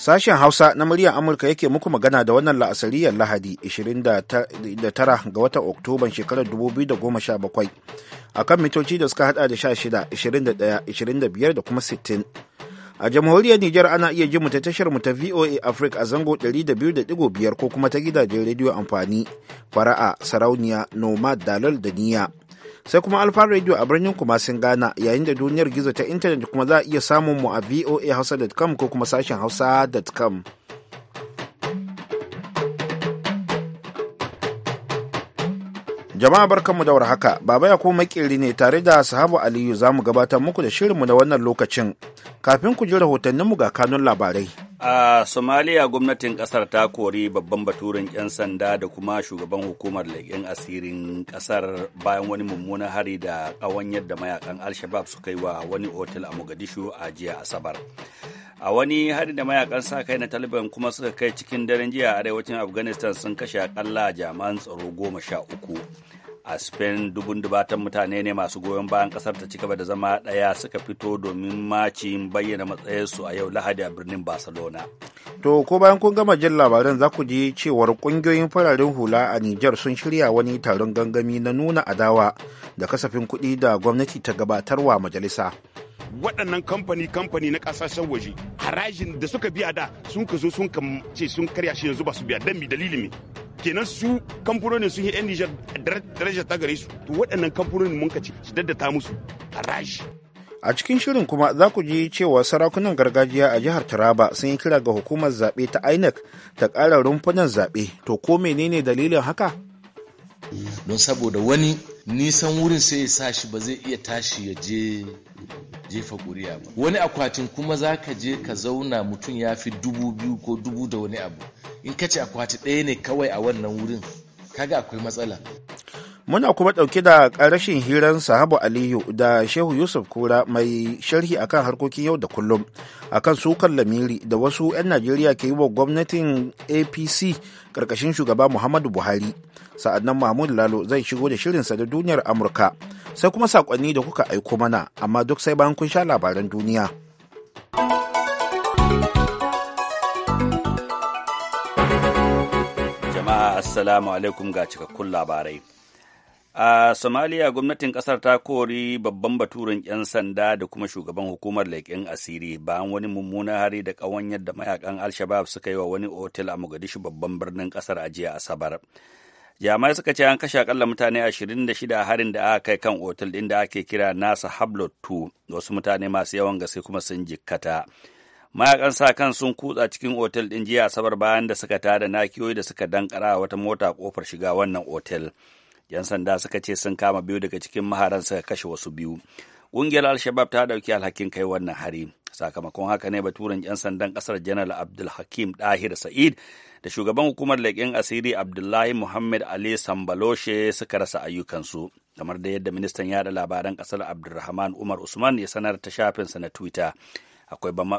Sashen Hausa na muryar Amurka yake muku magana da wannan la'asariyar Lahadi 29 ga watan Oktoban shekarar 2017 a kan mitoci da suka hada da 16, 21, 25 da kuma 60. A jamhuriyar Nijar ana iya jin ta tashar mu ta VOA Africa a zango 200.5 ko kuma ta gidajen rediyo amfani, fara'a, sarauniya, nomad, dalal da niyya. sai kuma alfa radio a birnin kuma sun gana yayin da duniyar gizo ta intanet kuma za a iya samun mu a voa voahausa.com ko kuma sashen hausa.com Jama'a barkanmu da haka Baba ya kuma makeri ne tare da Sahabu Aliyu za mu gabatar muku da shirinmu na wannan lokacin. Kafin ku ji rahotanninmu ga kanun labarai. A Somalia gwamnatin kasar ta kori babban baturin 'yan sanda da kuma shugaban hukumar leƙen asirin kasar bayan wani mummunan hari da ƙawanyar da mayakan alshabab su suka yi wa wani otel a Mogadishu a jiya Asabar. a wani hari da mayakan sa kai na taliban kuma suka kai cikin daren jiya a arewacin afghanistan sun kashe akalla jami'an tsaro goma sha uku a spain dubun dubatan mutane ne masu goyon bayan kasar ta cigaba da zama daya suka fito domin macin bayyana matsayinsu a yau lahadi a birnin barcelona to ko bayan kun gama jin labaran za ku ji cewar kungiyoyin fararen hula a niger sun shirya wani taron gangami na nuna adawa da kasafin kuɗi da gwamnati ta gabatarwa majalisa waɗannan kamfani kamfani na ƙasashen waje harajin da suka biya da sun ka zo sun ce sun karya shi yanzu ba su biya don mi dalili kenan su kamfanonin sun yi yan nijar darajar ta gare su to waɗannan kamfanonin mun ci su daddata musu rashi a cikin shirin kuma za ku ji cewa sarakunan gargajiya a jihar taraba sun yi kira ga hukumar zaɓe ta inec ta ƙara rumfunan zaɓe to ko menene dalilin haka don saboda wani nisan wurin sai ya sa shi ba zai iya tashi ya je jefa ƙuri'a ba wani akwatin kuma za ka je ka zauna mutum ya fi dubu biyu ko dubu da wani abu in ka ce akwati ɗaya ne kawai a wannan wurin kaga akwai matsala muna kuma ɗauke da ƙarashin hiran sahabu aliyu da shehu yusuf kura mai sharhi akan harkokin yau da kullum akan sukan lamiri da wasu 'yan najeriya ke yi wa gwamnatin apc ƙarƙashin shugaba muhammadu buhari nan mahmud lalo zai shigo da shirinsa da duniyar amurka sai kuma sakonni da kuka aiko mana amma duk sai bayan kun sha labaran duniya jama'a assalamu alaikum ga cikakkun labarai a somaliya gwamnatin kasar ta kori babban baturen 'yan sanda da kuma shugaban hukumar leƙen asiri bayan wani mummunan hari da ƙawanyar da mayakan al-shabab suka yi wa wani otel a mogadishu babban birnin kasar a jiya asabar jami'ai suka ce an kashe akalla mutane 26 a harin da aka kai kan otal din da ake kira nasa hablot 2 wasu mutane masu yawan gaske kuma sun jikkata mayakan sa kan sun kutsa cikin otal din jiya sabar bayan da suka tada nakiyoyi da suka dankara wata mota kofar shiga wannan otal yan sanda suka ce sun kama biyu daga cikin maharan suka kashe wasu biyu ƙungiyar al-shabab ta ɗauki alhakin kai wannan hari sakamakon haka ne baturen 'yan sandan kasar janar abdulhakim dahir sa'id da shugaban hukumar leƙen asiri abdullahi muhammad ali sambaloshe suka rasa ayyukansu kamar da yadda ministan yada labaran kasar abdulrahman umar usman ya sanar ta shafinsa na twitter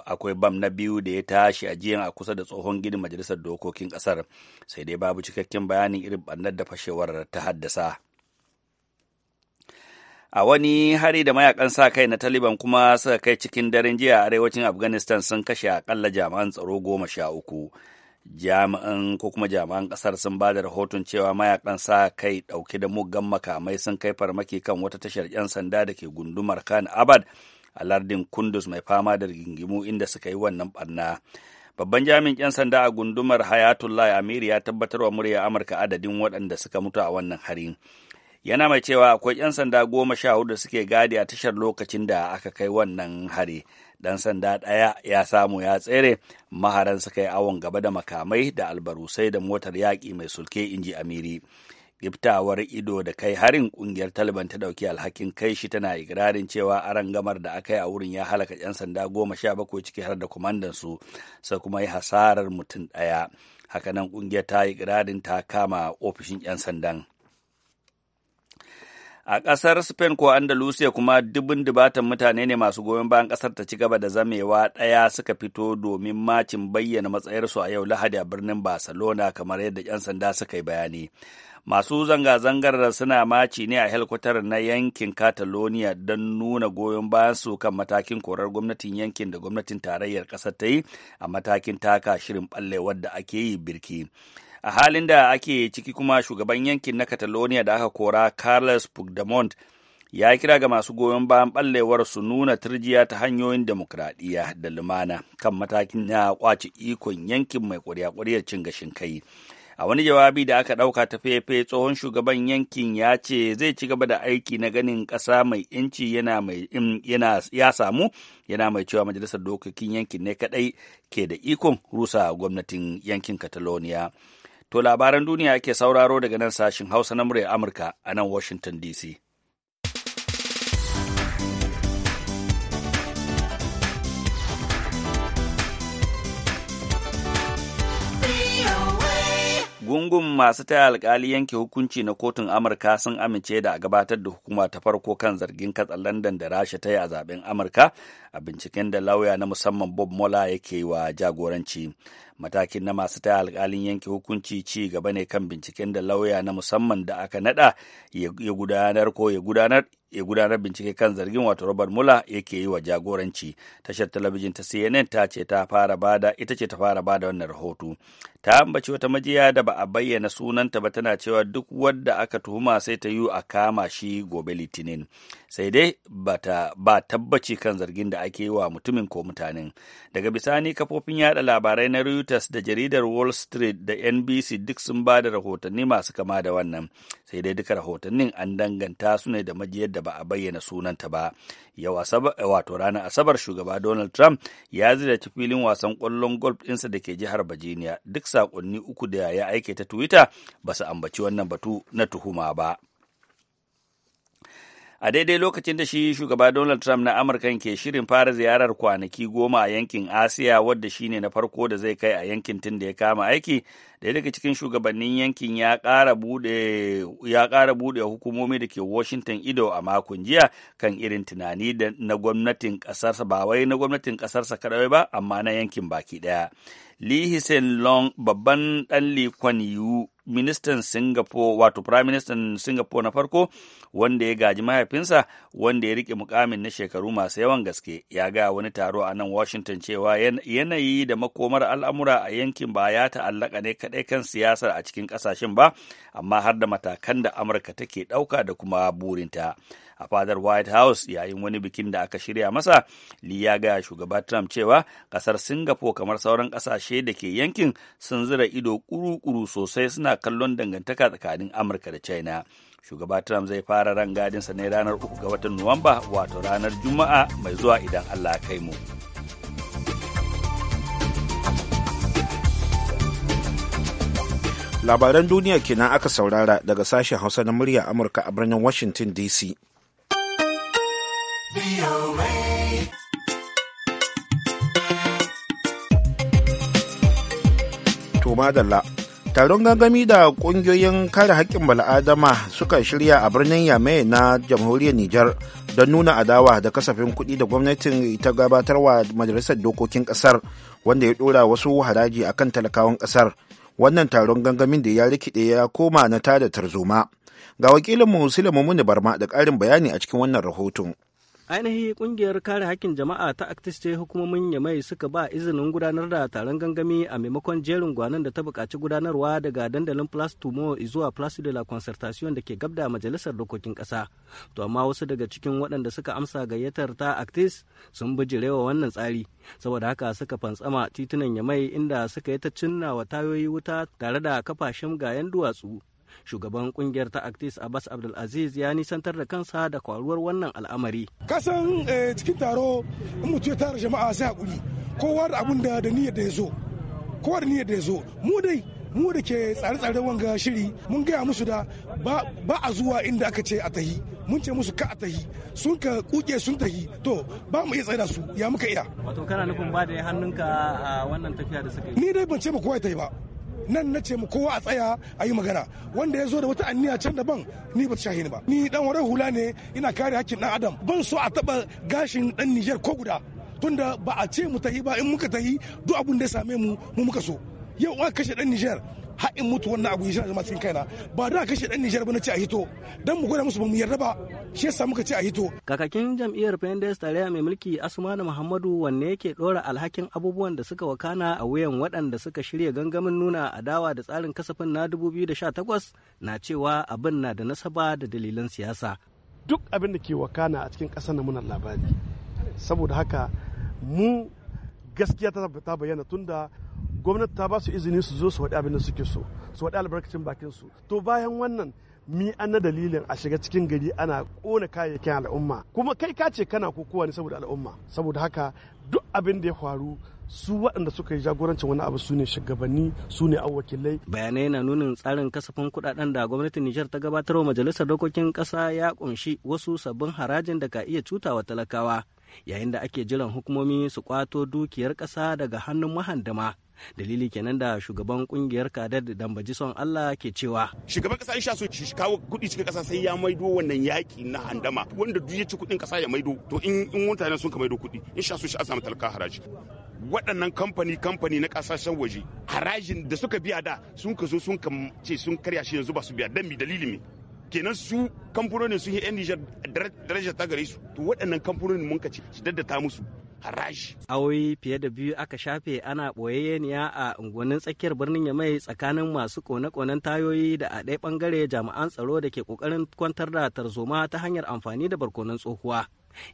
akwai bam na biyu da ya tashi a jiyan a kusa da tsohon gidan majalisar dokokin kasar sai dai babu cikakken bayanin irin ɓannar da fashewar ta haddasa a wani hari da mayakan sa kai na taliban kuma suka kai cikin daren jiya a arewacin afghanistan sun kashe akalla jami'an tsaro goma sha uku jami'an ko kuma jami'an kasar sun ba da rahoton cewa mayakan sa kai dauke da muggan makamai sun kai farmaki kan wata tashar 'yan sanda da ke gundumar khan abad a lardin kundus mai fama da rigingimu inda suka yi wannan barna babban jami'in 'yan sanda a gundumar hayatullah amiri ya tabbatar wa murya amurka adadin waɗanda suka mutu a wannan harin yana mai cewa akwai 'yan sanda goma sha hudu suke gadi a tashar lokacin da aka kai wannan hari dan sanda ɗaya ya samu ya tsere maharan suka yi awon gaba da makamai da albarusai da motar yaƙi mai sulke inji amiri giftawar ido da kai harin kungiyar taliban ta dauki alhakin kai shi tana ikirarin cewa aran gamar da aka yi a wurin ya halaka 'yan sanda goma sha bakwai ciki har da kwamandan su sai kuma yi hasarar mutum ɗaya hakanan kungiyar ta yi ikirarin ta kama ofishin 'yan sandan A ƙasar Spain ko Andalusia kuma dubun dubatan mutane ne masu goyon bayan ƙasar ta ci gaba da zamewa ɗaya suka fito domin macin bayyana matsayarsu a yau Lahadi a birnin Barcelona kamar yadda 'yan sanda suka yi bayani. Masu zanga-zangar suna maci ne a helikwatar na yankin Catalonia don nuna goyon bayan su kan matakin korar gwamnatin yankin da gwamnatin tarayyar ƙasar ta yi a matakin taka shirin ɓallewar da ake yi birki. a halin da ake ciki kuma shugaban yankin na catalonia da aka kora carles puigdemont ya kira ga masu goyon bayan ɓallewar su nuna turjiya ta hanyoyin demokradiyya da lumana kan matakin na kwace ikon yankin mai ƙuri'a cin gashin kai a wani jawabi da aka ɗauka ta fefe tsohon shugaban yankin ya ce zai ci gaba da aiki na ganin ƙasa mai inci yana mai yana ya samu yana mai cewa majalisar dokokin yankin ne kaɗai ke da ikon rusa gwamnatin yankin catalonia To labaran duniya ke sauraro daga nan sashin Hausa na muryar Amurka a nan Washington DC. Gungun masu taya alkali yanke hukunci na kotun Amurka sun amince da a gabatar da hukuma ta farko kan zargin katsar London da Rasha ta yi a zaben Amurka a binciken da lauya na musamman Bob Mola yake wa jagoranci. matakin na masu taya alkalin yanke hukunci ci gaba ne kan binciken da lauya na musamman da aka nada ya gudanar ko ya gudanar ya gudanar bincike kan zargin wato Robert mula yake yi wa jagoranci. Tashar talabijin ta CNN ta ce ta fara bada ita ce ta fara bada wannan rahoto. Ta ambaci wata majiya da ba a bayyana sunanta ba tana cewa duk wadda aka tuhuma sai ta yi a kama shi gobe Litinin. Sai dai bata ba tabbaci kan zargin da ake yi wa mutumin ko mutanen. Daga bisani kafofin yada labarai na Reuters da jaridar Wall Street da NBC duk sun ba da rahotanni masu kama da wannan, sai dai duka rahotannin an danganta su ne da majiyar da ba a bayyana sunanta ba. Yau eh, wato ranar Asabar shugaba Donald Trump ya ziyarci filin wasan kwallon golf ɗinsa da ke jihar Virginia, duk sakonni uku da ya aike ta Twitter ba su ambaci wannan batu na tuhuma ba. a daidai lokacin da shi shugaba donald trump na amurka ke shirin fara ziyarar kwanaki goma a yankin asiya wadda shi ne na farko da zai kai a yankin tun da ya kama aiki ɗaya daga cikin shugabannin yankin ya ƙara buɗe hukumomi da ke washington ido a makon jiya kan irin tunani da na gwamnatin ƙasarsa ba wai na gwamnatin ƙasarsa kaɗai ba amma na yankin baki daya Lee Hsien Long babban ɗan Lee Kuan Yew ministan Singapore wato Prime Minister Singapore na farko wanda ya gaji mahaifinsa wanda ya rike mukamin na shekaru masu yawan gaske ya ga wani taro a nan Washington cewa yanayi da makomar al'amura a yankin ba ya ta'allaka ne kaɗai kan siyasar a cikin ƙasashen ba amma har da matakan da amurka take ɗauka da kuma burinta a fadar white house yayin wani bikin da aka shirya masa li ya gaya shugaba trump cewa ƙasar singapore kamar sauran ƙasashe da ke yankin sun zira ido kuru-kuru sosai suna kallon dangantaka tsakanin amurka da china shugaba trump zai fara rangadinsa ne ranar uku ga watan nuwamba wato ranar juma'a mai zuwa idan allah kai mu. labaran duniya kenan aka saurara daga sashen hausa na murya amurka a birnin washington dc taron gangami da kungiyoyin kare haƙƙin bala'adama suka shirya a birnin yame na jamhuriyar nijar don nuna adawa da kasafin kuɗi da gwamnatin ta gabatarwa majalisar dokokin ƙasar wanda ya ɗora wasu haraji akan talakawan ƙasar wannan taron gangamin da ya rikide ya koma na tada tarzoma ga wakilinmu sule muni barma da karin bayani a cikin wannan rahoton ainihi kungiyar kare hakkin jama'a ta actis ce hukumomin yamai suka ba izinin gudanar da taron gangami a maimakon jerin gwanon da ta buƙaci gudanarwa daga dandalin plus tumo zuwa plus de la concertation da ke gabda majalisar dokokin ƙasa to amma wasu daga cikin waɗanda suka amsa gayyatar ta actis sun bijirewa wannan tsari saboda haka suka fantsama titunan yamai inda suka yi ta cinna wa tayoyi wuta tare da kafashin gayan duwatsu shugaban kungiyar ta actis abbas abdulaziz ya nisantar da kansa da kwaruwar wannan al'amari kasan eh, cikin taro in mutu ya tara jama'a sai hakuri kowa da abun da niyyar da ya zo kowa da niyyar da ya zo mu dai mu da ke tsare-tsaren wanga shiri mun gaya musu da ba a zuwa inda aka ce a tahi mun ce musu ka a tahi sun ka kuke sun tahi to ba mu iya tsaida su ya muka iya wato kana nufin ba da hannunka a wannan tafiya da suka yi ni dai ban ce ba kowa ya tahi ba nan na ce mu kowa a tsaya a yi magana wanda ya zo da wata anniya can daban ni ba ta ni ba ni dan wurin hula ne ina kare hakkin dan adam ban so a taba gashin dan Nijar ko guda tunda ba a ce mu ta yi ba in muka ta yi duk abin da ya same mu mu muka so yau an kashe dan Nijar. har in mutu wannan abu ya zama cikin kaina ba da kashe dan Nijar ba na ce a hito dan mu gwada musu ba mu yarda ba shi yasa muka ce a hito kakakin jam'iyyar Pendes tarayya mai mulki Asmanu Muhammadu wanne yake dora alhakin abubuwan da suka wakana a wuyan waɗanda suka shirya gangamin nuna adawa da tsarin kasafin na 2018 na cewa abin na da nasaba da dalilan siyasa duk abin da ke wakana a cikin ƙasar na muna labari saboda haka mu gaskiya ta bayyana tunda gwamnati ta ba su izini su zo su waɗi abin da suke so su waɗi albarkacin bakin su to bayan wannan mi an na dalilin a shiga cikin gari ana kona kayayyakin al'umma kuma kai ka ce kana kowa ne saboda al'umma saboda haka duk abin da ya faru su waɗanda suka yi jagorancin wani abu su ne shugabanni su ne wakilai. bayanai na nunin tsarin kasafin kuɗaɗen da gwamnatin nijar ta gabatar wa majalisar dokokin kasa ya kunshi wasu sabbin harajin da ka iya cutawa talakawa yayin da ake jiran hukumomi su kwato dukiyar ƙasa daga hannun mahandama dalili kenan da shugaban kungiyar kadar da dambaji son Allah ke cewa shugaban kasa in sha so shi kawo kudi cikin kasa sai ya maido wannan yaki na handama wanda duk ya ci kudin kasa ya maido to in in mutane sun ka maido kudi in sha so shi a samu talaka haraji waɗannan kamfani kamfani na kasashen waje harajin da suka biya da sun ka zo sun ka ce sun karya shi yanzu ba su biya dan mi dalili me kenan su kamfanonin sun yi yan nijar darajar ta gare su to waɗannan kamfanonin mun kace su daddata musu haraji. Awoyi fiye da biyu aka shafe ana ɓoyayyeniya a unguwannin tsakiyar birnin ya mai tsakanin masu kone-konen tayoyi da a ɗaya ɓangare jami'an tsaro da ke ƙoƙarin kwantar da tarzoma ta hanyar amfani da barkonan tsohuwa.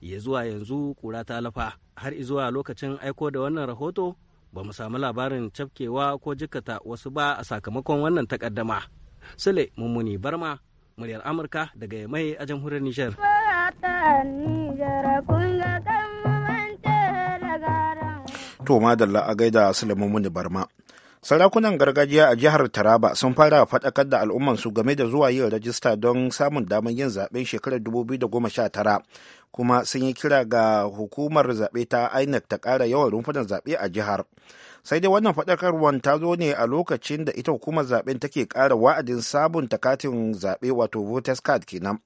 Ya zuwa yanzu ƙura ta lafa har zuwa lokacin aiko da wannan rahoto ba mu samu labarin cafkewa ko jikata wasu ba a sakamakon wannan takaddama. Sule Mummuni Barma, muryar amurka daga mai a jamhuriyar nijar to madalla a gaida sulaiman barma sarakunan gargajiya a jihar taraba sun fara faɗakar da al'ummansu game da zuwa yin rajista don samun damar yin zaɓen shekarar sha tara kuma sun yi kira ga hukumar zaɓe ta inec ta ƙara yawan rumfunan zaɓe a jihar sai dai wannan faɗakar ta zo ne a lokacin da ita hukumar zaben take ƙara wa'adin sabunta katin zaɓe wato voters card kenan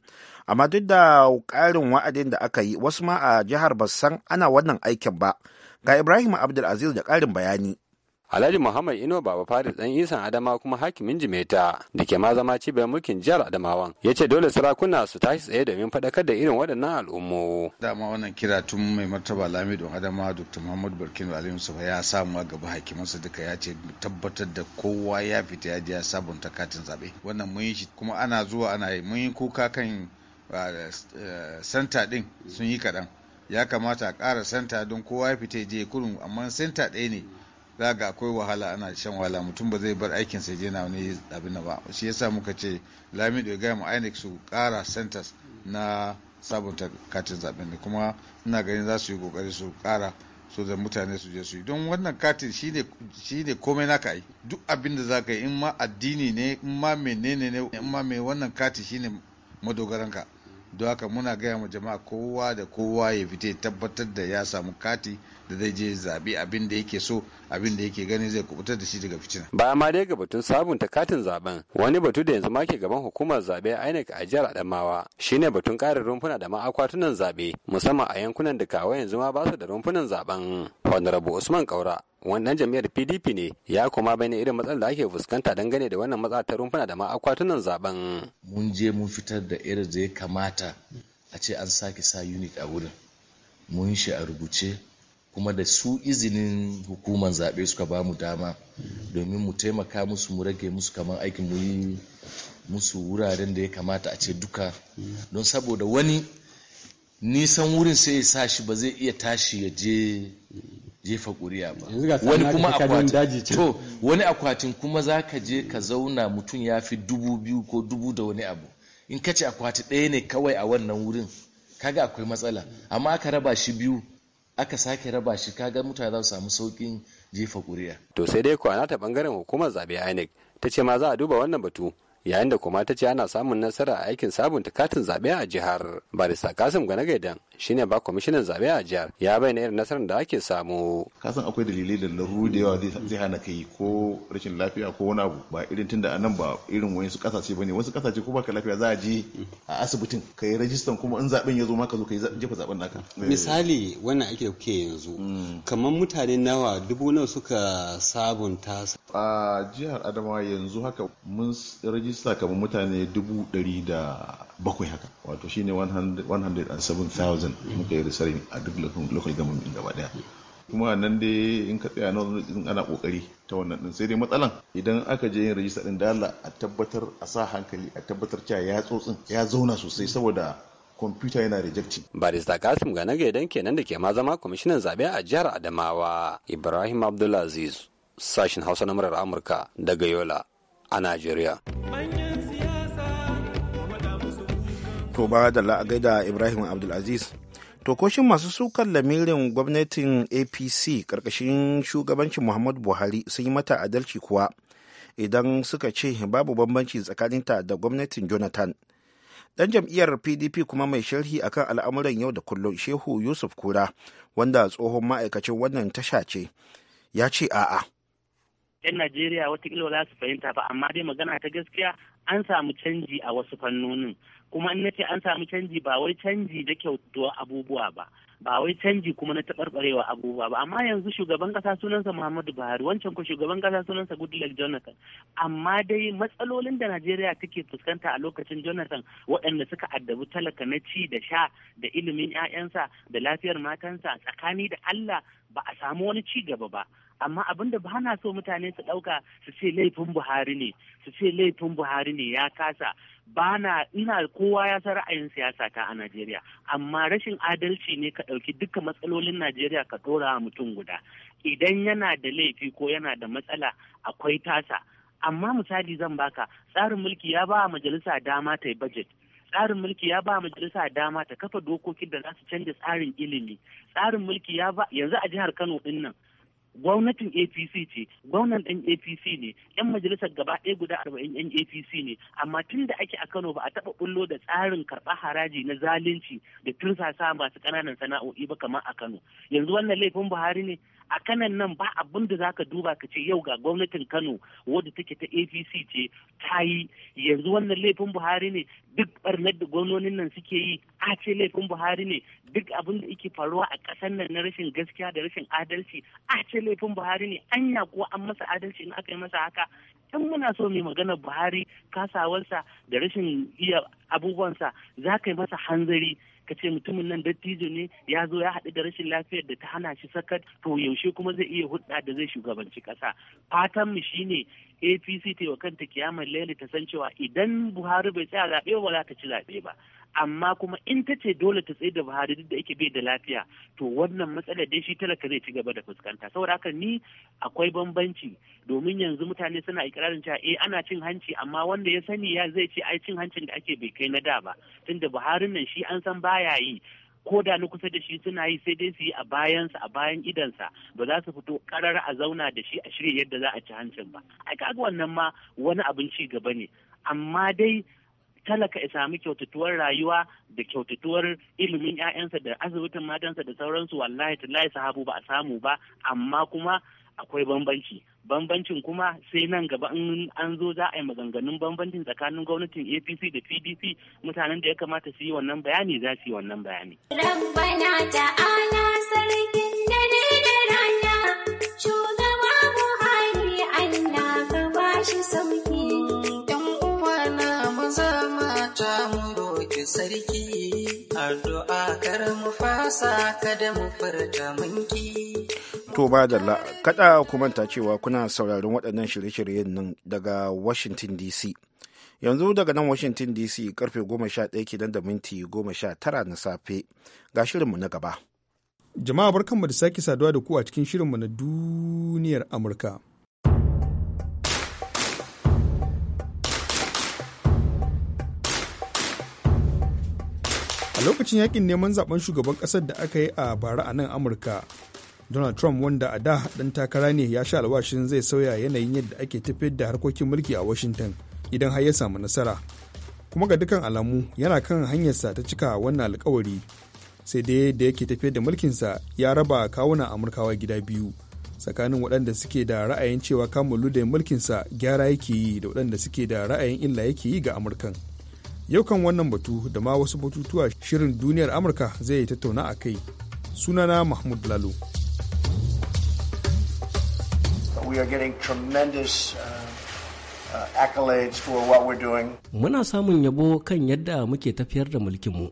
amma duk da ƙarin wa'adin da aka yi wasu ma a jihar san ana wannan aikin ba ga ibrahim abdulaziz da ƙarin bayani Alhaji Muhammad Ino Baba Faris dan Isan Adama kuma hakimin Jimeta da ke ma zama cibiyar mulkin jihar adamawa ya ce dole sarakuna su tashi tsaye domin faɗakar da irin waɗannan al'ummo. Dama wannan kira tun mai martaba Lamido Adama Dr. Muhammad Barkinu Aliyu Sufa ya samu a gaba hakimansa duka ya ce tabbatar da kowa ya fita ya je ya sabunta katin zaɓe. Wannan mun yi shi kuma ana zuwa ana yi mun yi kuka kan santa ah, eh, ɗin sun yi kaɗan. Ya kamata a ƙara santa don kowa ya fita ya je kurun amma santa ɗaya ne. za ga akwai wahala ana shan wahala mutum ba zai bar aikin sai jina na wani abin ba shi yasa muka ce lamid ya gaya ma inec su kara centers na sabunta katin zaben ne kuma ina ganin za su yi kokari su kara so da mutane su je su yi don wannan katin shi ne komai naka yi duk abin da za ka yi in ma addini ne in ma menene ne in ma mai wannan katin shi ne madogaranka don haka muna gaya ma jama'a kowa da kowa ya fita tabbatar da ya samu kati da zai je zabe abin da yake so abin da yake gani zai kubutar da shi daga fitina. Ba ma dai ga batun sabunta katin zaben wani batu da yanzu ma ke gaban hukumar zaɓe INEC a jihar Adamawa shine batun karin rumfuna da ma akwatunan zaɓe musamman a yankunan da kawai yanzu ma basu da rumfunan zaben. Honorable Usman Kaura wannan jam'iyyar PDP ne ya kuma bayyana irin matsalar da ake fuskanta dangane da wannan matsala ta rumfuna da ma akwatunan zaben. Mun je mun fitar da irin da ya kamata a ce an sake sa unit a wurin. Mun shi a rubuce kuma da su izinin hukumar zaɓe suka ba mu dama domin mu taimaka musu mu rage musu kamar aikin mu yi musu wuraren da ya kamata a ce duka don saboda wani nisan wurin sai ya sa shi ba zai iya tashi ya je jefa ƙuri'a ba wani kuma akwatin to wani akwatin kuma za ka je ka zauna mutum ya fi dubu biyu ko dubu da wani abu in ka ce akwati ɗaya ne kawai a wannan wurin kaga akwai matsala amma aka raba shi biyu aka sake raba shi kaga mutane za su samu saukin jefa ƙuri'a. To sai dai kwana ta bangaren hukumar zabe INEC ta ce ma za a duba wannan batu yayin da kuma ta ce ana samun nasara a aikin sabunta katin zabe a jihar Barista Kasim Gane shine ba kwamishinan zabe a jihar ya bayyana irin nasarar da ake samu kasan akwai dalilai da na da yawa zai hana kai ko rashin lafiya ko wani abu ba irin tunda a nan ba irin wayansu kasashe bane wasu kasashe ko baka lafiya za a je a asibitin ka rajistan kuma in zaben ya zo maka zo ka jefa zaben naka eh. misali wannan ake kuke yanzu hmm. kamar mutane nawa dubu nawa suka sabunta a jihar adamawa yanzu haka mun rajista kamar mutane dubu ɗari da bakwai haka wato shi shine 107,000 muka yi risarin a duk local government gaba daya kuma nan dai in ka tsaya na in ana kokari ta wannan din sai dai matsalan idan aka je yin rajista din da a tabbatar a sa hankali a tabbatar cewa ya tsotsin ya zauna sosai saboda kwamfuta yana rejecting. Barista Kasim Ganaga idan kenan da ke ma zama kwamishinan zabe a jihar Adamawa Ibrahim Abdulaziz sashin Hausa na murar Amurka daga Yola a Najeriya. To ba da la'agaida Ibrahim Abdulaziz. To koshin masu sukan lamirin gwamnatin APC ƙarƙashin shugabancin Muhammadu Buhari sun yi mata adalci kuwa idan suka ce babu bambanci tsakaninta da gwamnatin Jonathan. dan jam'iyyar pdp kuma mai sharhi akan al'amuran yau da kullum shehu yusuf kura wanda tsohon ma'aikacin wannan tasha ce ya ce a'a yan najeriya watakila za su fahimta ba amma dai magana ta gaskiya an samu canji a wasu fannonin kuma in nace an samu canji ba wai canji da kyautuwa abubuwa ba ba wai canji kuma na taɓarɓarewa abubuwa ba amma yanzu shugaban ƙasa sunansa Muhammadu Buhari wancan ko shugaban ƙasa sunansa Goodluck Jonathan amma dai matsalolin da Najeriya take fuskanta a lokacin Jonathan waɗanda suka addabi talaka na ci da sha da ilimin 'ya'yansa da lafiyar matansa tsakani da Allah ba a samu wani ci gaba ba amma abin da ba na so mutane su ɗauka su ce laifin buhari ne su ce laifin buhari ne ya kasa ba na ina kowa ya san ra'ayin siyasa ta a najeriya amma rashin adalci ne ka ɗauki duka matsalolin najeriya ka ɗora mutum guda idan yana da laifi ko yana da matsala akwai tasa amma misali zan baka tsarin mulki ya ba majalisa dama ta yi budget tsarin mulki ya ba majalisa dama ta kafa dokokin da za su canja tsarin ilimi tsarin mulki ya ba yanzu a jihar kano din nan gwamnatin apc ce gwamnan ɗan apc ne yan majalisar gaba ɗaya guda arba'in yan apc ne amma tun da ake a kano ba a taɓa ɓullo da tsarin karɓar haraji na zalunci da tursasa masu ƙananan sana'o'i ba kamar a kano yanzu wannan laifin buhari ne a kanan nan ba abin da zaka duba ka ce yau ga gwamnatin Kano wadda take ta APC ce ta yi yanzu wannan laifin Buhari ne duk barnar da gwamnonin nan suke yi a ce laifin Buhari ne duk abin da yake faruwa a ƙasar nan na rashin gaskiya da rashin adalci a ce laifin Buhari ne anya ko an masa adalci in aka yi masa haka in muna so mai magana Buhari kasawarsa da rashin iya abubuwansa za ka yi masa hanzari ka ce mutumin nan dattijo ne ya zo ya haɗu da rashin lafiyar da ta hana shi sakat to yaushe kuma zai iya hulɗa da zai shugabanci ƙasa fatan mu shine APC ta wa kanta kiyamar lele ta san cewa idan Buhari bai tsaya zaɓe ba za ta ci zaɓe ba amma kuma in ta ce dole ta tsaye da Buhari duk da yake bai da lafiya to wannan matsalar dai shi talaka zai ci gaba da fuskanta saboda haka ni akwai bambanci domin yanzu mutane suna ikirarin cewa eh ana cin hanci amma wanda ya sani ya zai ce ai cin hancin da ake bai kai na da ba tunda Buhari nan shi an san baya yi ko da na kusa da shi suna yi sai dai su yi a bayansa a bayan idansa ba za su fito karar a zauna da shi a shirya yadda za a ci hancin ba ai kaga wannan ma wani abin ci gaba ne amma dai talaka ya sami kyautatuwar rayuwa da kyautatuwar ilimin 'ya'yansa da asibitin matansa da sauransu wallahi ta layi sahabu ba a samu ba amma kuma akwai bambanci bambancin kuma sai nan gaba in an zo za a yi maganganun bambancin tsakanin gwamnatin apc da pdp mutanen da ya kamata su yi wannan bayani za su yi wannan bayani Thank you. da shugaba allah ka sarki addu'a kar mu fasa kada mu furta minki to ba da la kada ku manta cewa kuna sauraron waɗannan shirye-shiryen nan daga Washington DC yanzu daga nan Washington DC karfe 11 kidan da minti 19 na safe ga shirinmu na gaba jama'a barkanmu da sake saduwa da ku a cikin shirinmu na duniyar Amurka lokacin yakin neman zaben shugaban kasar da aka yi a bara a nan amurka donald trump wanda a da dan takara ne ya sha alwashin zai sauya yanayin yadda ake tafiyar da harkokin mulki a washington idan har ya samu nasara kuma ga dukkan alamu yana kan hanyarsa ta cika wannan alkawari sai dai da yake tafiyar da mulkinsa ya raba kawuna amurkawa gida biyu tsakanin waɗanda suke da ra'ayin cewa kamun mulkin mulkinsa gyara yake yi da waɗanda suke da ra'ayin illa yake yi ga amurkan Yau kan wannan batu da ma wasu batutuwa shirin duniyar Amurka zai yi tattauna a kai. Sunana Mahmud Lalo. Uh, uh, Muna samun yabo kan yadda muke tafiyar da mulkinmu.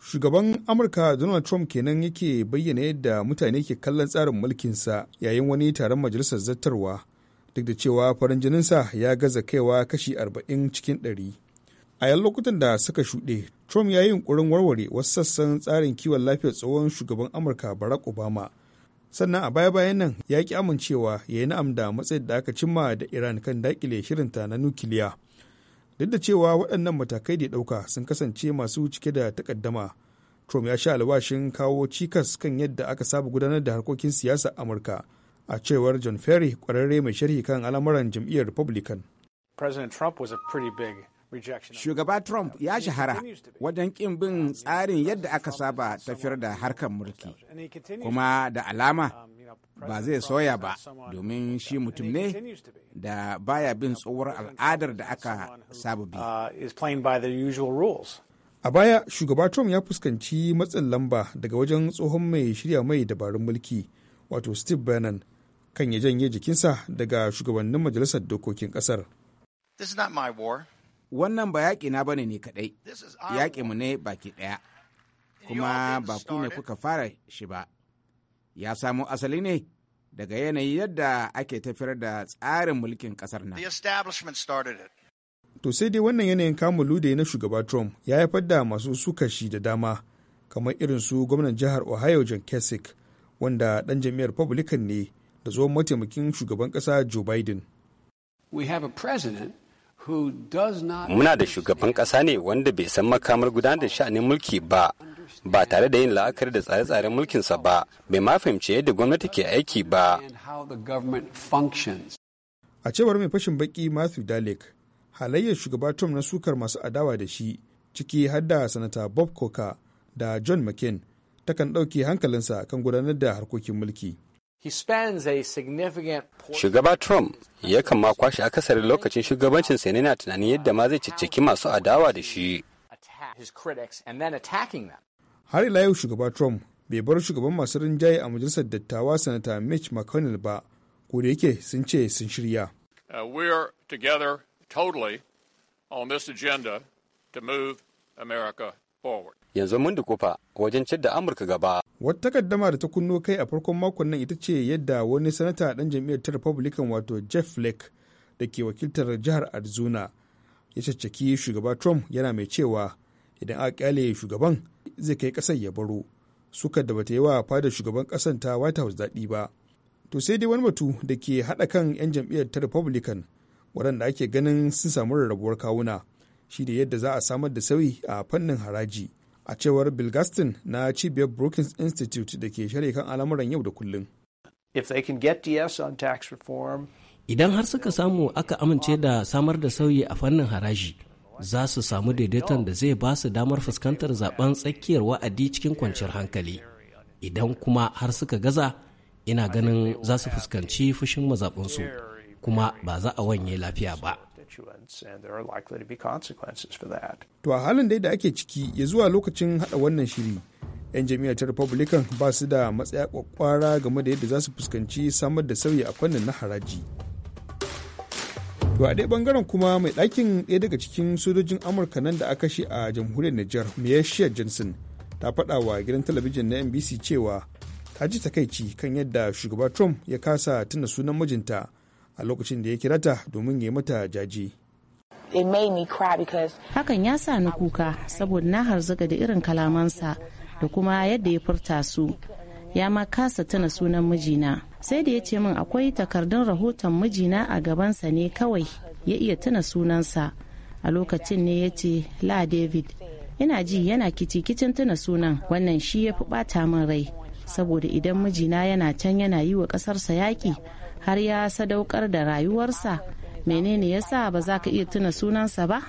Shugaban Amurka Donald Trump kenan yake bayyana yadda mutane ke kallon tsarin mulkinsa yayin wani taron majalisar zattarwa duk da cewa farin jininsa ya gaza kaiwa kashi 40 cikin 100. a yan lokutan da suka shuɗe trump ya yi yunkurin warware wasu sassan tsarin kiwon lafiyar tsohon shugaban amurka barack obama sannan a baya bayan nan ya ki amincewa ya yi na'am da matsayin da aka cimma da iran kan dakile shirinta na nukiliya duk da cewa waɗannan matakai da ya ɗauka sun kasance masu cike da takaddama trump ya sha alwashin kawo cikas kan yadda aka saba gudanar da harkokin siyasar amurka a cewar john ferry kwararre mai sharhi kan al'amuran jam'iyyar republican president trump was Shugaba Trump ya shahara wajen ƙin bin um, tsarin yadda aka saba tafiyar da harkar um, mulki, kuma da alama um, ba zai soya ba domin shi mutum ne da baya bin tsohuwar al'adar da aka saba bi. Uh, A baya, shugaba Trump ya fuskanci matsin lamba daga wajen tsohon mai shirya mai dabarun mulki, wato Steve Bannon, kan ya janye jikinsa daga shugabannin majalisar dokokin ƙasar. This my war. wannan ba yaƙi na bane ne kaɗai yaƙi mu ne baki ɗaya kuma ba ku ne kuka fara shi ba ya samo asali ne daga yanayi yadda ake tafiyar da tsarin mulkin ƙasar nan to sai dai wannan yanayin lude na shugaba trump ya haifar da masu suka shi da dama kamar irin su gwamnan jihar ohio john kasich wanda ɗan Jami'ar republican ne da zuwan mataimakin shugaban ƙasa joe biden have president Muna da shugaban ƙasa ne wanda bai san makamar gudanar da sha'anin mulki ba, ba tare da yin la'akari da tsare-tsaren mulkinsa ba, bai ma fahimci yadda gwamnati ke aiki ba. A cewar mai fashin baki Matthew Dalek, halayyar shugaba Trump na sukar masu adawa da shi, ciki har da sanata Bob Coker da John McCain, takan ɗauke hankalinsa kan gudanar da harkokin mulki. Shugaba Trump yakan ma kwashe akasarin lokacin shugabancin shugabancinsa yana tunanin yadda ma zai cicciki masu adawa da shi. Har ila yau shugaba Trump bai bar shugaban masu rinjaye a majalisar dattawa sanata Mitch McConnell ba, ko da yake sun ce sun shirya. Uh, Yanzu mun dukufa wajen cidda Amurka gaba. wata takaddama da ta kunno kai a farkon makon nan ita ce yadda wani sanata dan jam'iyyar ta republican wato jeff flake da ke wakiltar jihar arizona ya caccaki shugaba trump yana mai cewa idan a kyale shugaban zai kai kasar ya baro suka da bata yi wa fadar shugaban kasar ta white house daɗi ba to sai dai wani batu da ke haɗa kan 'yan jam'iyyar ta republican waɗanda ake ganin sun samu rarrabuwar kawuna shi da yadda za a samar da sauyi a fannin haraji a cewar bill gaston na cibiyar brookings institute da ke shari'a kan al'amuran yau da kullum idan har suka samu aka amince da samar da sauyi a fannin haraji za su samu daidaiton da zai ba su damar fuskantar zaben tsakiyar wa'adi cikin kwanciyar hankali idan kuma har suka gaza ina ganin za su fuskanci fushin mazaɓinsu kuma ba za a wanye lafiya ba to a halin dai da ake ciki ya zuwa lokacin hada wannan shiri 'yan jami'ar ta republican ba su da matsaya kwakwara game da yadda za su fuskanci samar da sauyi a fannin na haraji to a dai bangaren kuma mai ɗakin ɗaya daga cikin sojojin amurka nan da aka shi a jamhuriyar niger miyashia johnson ta faɗa wa gidan talabijin na nbc cewa ta ji takaici kan yadda shugaba trump ya kasa tuna sunan mijinta a lokacin da ya kirata domin ya mata jaji. Hakan ya sa ni kuka saboda na harzuga da irin kalamansa da kuma yadda ya furta su. Ya ma kasa tuna sunan mijina. Sai da ya ce min akwai takardun rahoton mijina a gabansa ne kawai ya iya tuna sunansa. A lokacin ne ya ce La David. Ina ji yana kicikicin tuna sunan wannan shi ya fi bata min rai. Saboda idan mijina yana can yana yi wa ƙasarsa yaƙi har ya sadaukar da rayuwarsa menene ya sa ba za ka iya tuna sunansa ba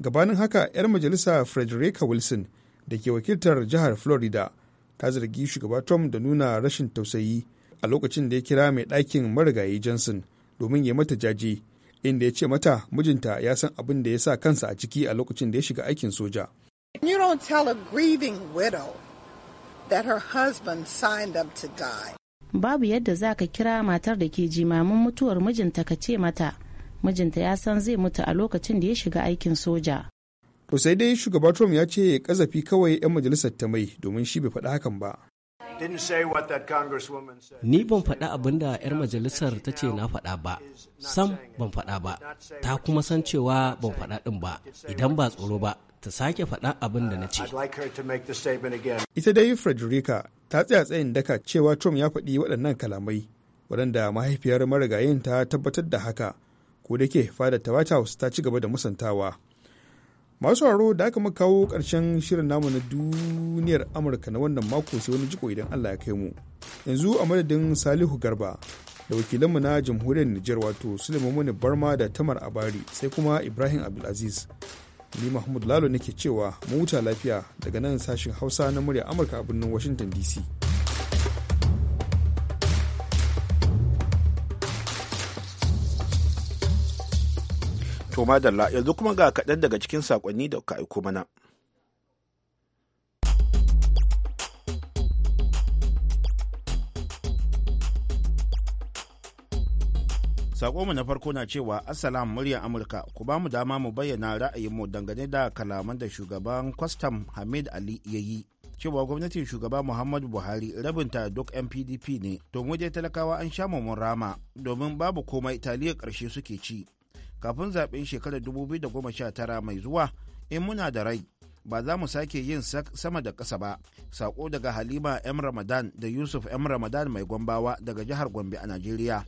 gabanin haka 'yar majalisa frederica wilson da ke wakiltar jihar florida ta zargi shugaba trump da nuna rashin tausayi a lokacin da ya kira mai ɗakin marigayi johnson domin ya mata jaje inda ya ce mata mijinta ya san abin da ya sa kansa a ciki a lokacin da ya shiga aikin soja. You don't tell a that her husband signed up to die. Babu yadda za ka kira matar da ke jimamin mutuwar mijinta ka ce mata, mijinta ya san zai mutu a lokacin da ya shiga aikin soja. To dai shugaba Trump ya ce kazafi kawai 'yan majalisar ta mai domin shi bai faɗa hakan ba. Ni ban faɗa abin da 'yar majalisar ta ce na faɗa ba, sam ban faɗa ba, ta kuma san cewa ban faɗa ɗin ba, idan ba tsoro ba, ta sake faɗa abin da na ce. Ita dai Frederica ta tsaya tsayin daka cewa Trump ya faɗi waɗannan kalamai, waɗanda mahaifiyar marigayin ta tabbatar da haka, ko da ke fadar ta White House ta ci gaba da musantawa. Masu haro da aka muka kawo ƙarshen shirin namu na duniyar Amurka na wannan mako sai wani jiko idan Allah ya kai mu. Yanzu a madadin Salihu Garba, da wakilanmu na jamhuriyar Nijar wato Suleiman Barma da Tamar Abari sai kuma Ibrahim Abdulaziz ni mahmud lalo nake cewa mu huta lafiya daga nan sashin hausa na murya amurka a birnin washington dc to madalla yanzu kuma ga kaɗan daga cikin saƙonni da ka aiko mana mu na farko na cewa Assalam muryar Amurka ku ba mu dama mu bayyana ra'ayinmu dangane da kalaman da shugaban kwastam Hamid Ali ya yi. Cewa gwamnatin shugaba Muhammadu Buhari rabinta duk NPDP ne, to mu dai talakawa an sha mun rama domin babu komai taliyar karshe suke ci. Kafin zaɓen shekarar 2019 mai zuwa, in muna da rai, ba za mu sake yin sama da ƙasa ba. Sako daga Halima M. Ramadan da Yusuf M. Ramadan mai gwambawa daga jihar Gombe a Najeriya.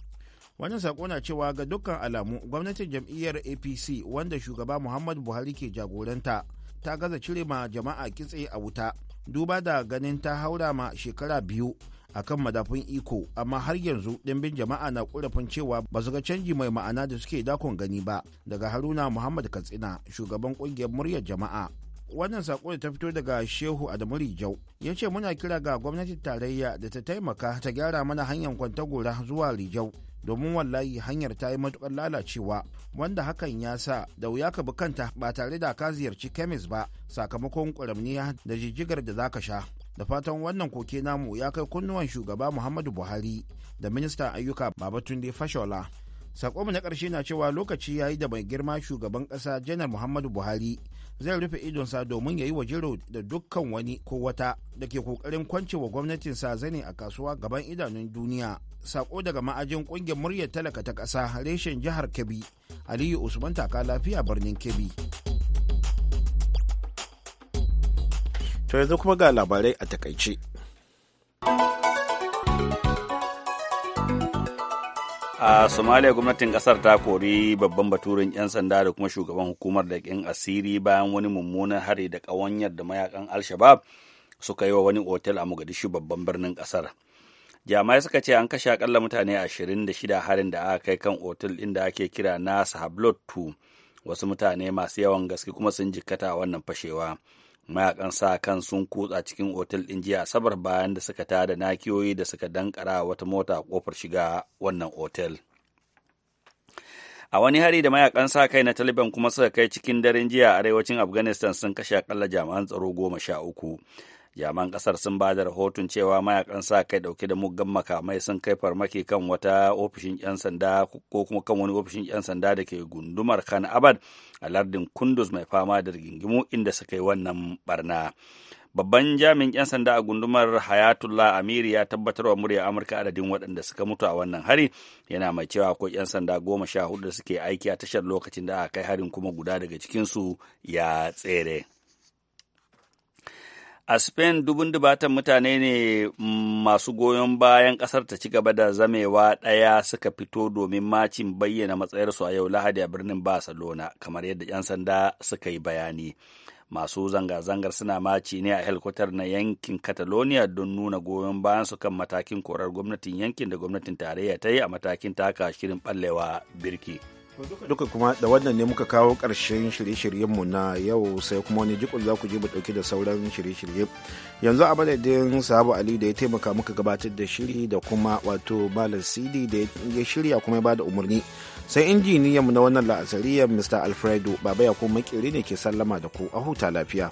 wannan sako na cewa ga dukkan alamu gwamnatin jam'iyyar apc wanda shugaba muhammadu buhari ke jagoranta ta gaza cire ma jama'a kitse a wuta duba da ganin ta haura ma shekara biyu akan madafun iko amma har yanzu dimbin jama'a na kurafin cewa ba su ga canji mai ma'ana da suke dakon gani ba daga haruna muhammad katsina shugaban kungiyar muryar jama'a wannan sako da ta fito daga shehu adamu rijau ya ce muna kira ga gwamnatin tarayya da ta taimaka ta gyara mana hanyar kwantagora zuwa rijau domin wallahi hanyar ta yi matukar lalacewa wanda hakan ya sa da wuya ka bi kanta ba tare da ka ziyarci kemis ba sakamakon ƙuramniya da jijjigar da zaka sha da fatan wannan koke namu ya kai kunnuwan shugaba muhammadu buhari da ministan ayyuka babatunde fashola sakonmu na ƙarshe na cewa lokaci ya yi da mai girma shugaban ƙasa janar muhammadu buhari zai rufe idon sa domin ya yi wa jiro da dukkan wani ko wata da ke kokarin kwance wa gwamnatin sa zane a kasuwa gaban idanun duniya sako daga ma'ajin kungiyar muryar talaka ta ƙasa reshen jihar kebbi aliyu usman taka lafiya birnin kebbi to yanzu kuma ga labarai a takaice a somalia gwamnatin kasar ta kori babban baturin 'yan sanda da kuma shugaban hukumar da asiri bayan wani mummunan hari da ƙawanyar da mayakan al-shabab suka yi wa wani otel a mogadishu babban birnin kasar jami'ai suka ce an kashe akalla mutane 26 harin da aka kai kan otel inda ake kira na sahablot 2 wasu mutane masu yawan gaske kuma sun jikkata wannan fashewa mayakan sa kan sun kutsa cikin otel ɗin jiya asabar bayan da suka tada nakiyoyi da suka dankara wata mota a kofar shiga wannan otel a wani hari da mayakan sa kai na taliban kuma suka kai cikin daren jiya arewacin afghanistan sun kashe akalla jami'an tsaro goma sha uku jaman kasar sun ba da rahoton cewa mayakan sa kai dauke da muggan makamai sun kai farmaki kan wata ofishin yan sanda ko kuma kan wani ofishin yan sanda da ke gundumar kan abad a lardin kunduz mai fama da rigingimu inda suka yi wannan barna babban jami'in 'yan sanda a gundumar hayatullah amiri ya tabbatar wa murya amurka adadin waɗanda suka mutu a wannan hari yana mai cewa ko 'yan sanda goma sha hudu da suke aiki a tashar lokacin da aka kai harin kuma guda daga cikinsu ya tsere. a spain dubun dubatan mutane ne masu goyon bayan kasar ta ci gaba da zamewa ɗaya suka fito domin macin bayyana matsayarsu a yau lahadi a birnin barcelona kamar yadda 'yan sanda suka yi bayani masu zanga-zangar suna maci ne a helikwatar na yankin catalonia don nuna goyon bayan su kan matakin korar gwamnatin yankin da gwamnatin tarayya ta yi a matakin taka shirin ɓallewa birki. duka kuma da wannan ne muka kawo ƙarshen shirye-shiryenmu na yau sai kuma wani jikun za ku je mu ɗauki da sauran shirye-shirye yanzu a madadin sabu ali da ya taimaka muka gabatar da shiri da kuma wato malam cd da ya shirya kuma ya bada umarni sai injiniyanmu na wannan la'asariyar mr alfredo baba ya kuma makere ne ke sallama da ku a huta lafiya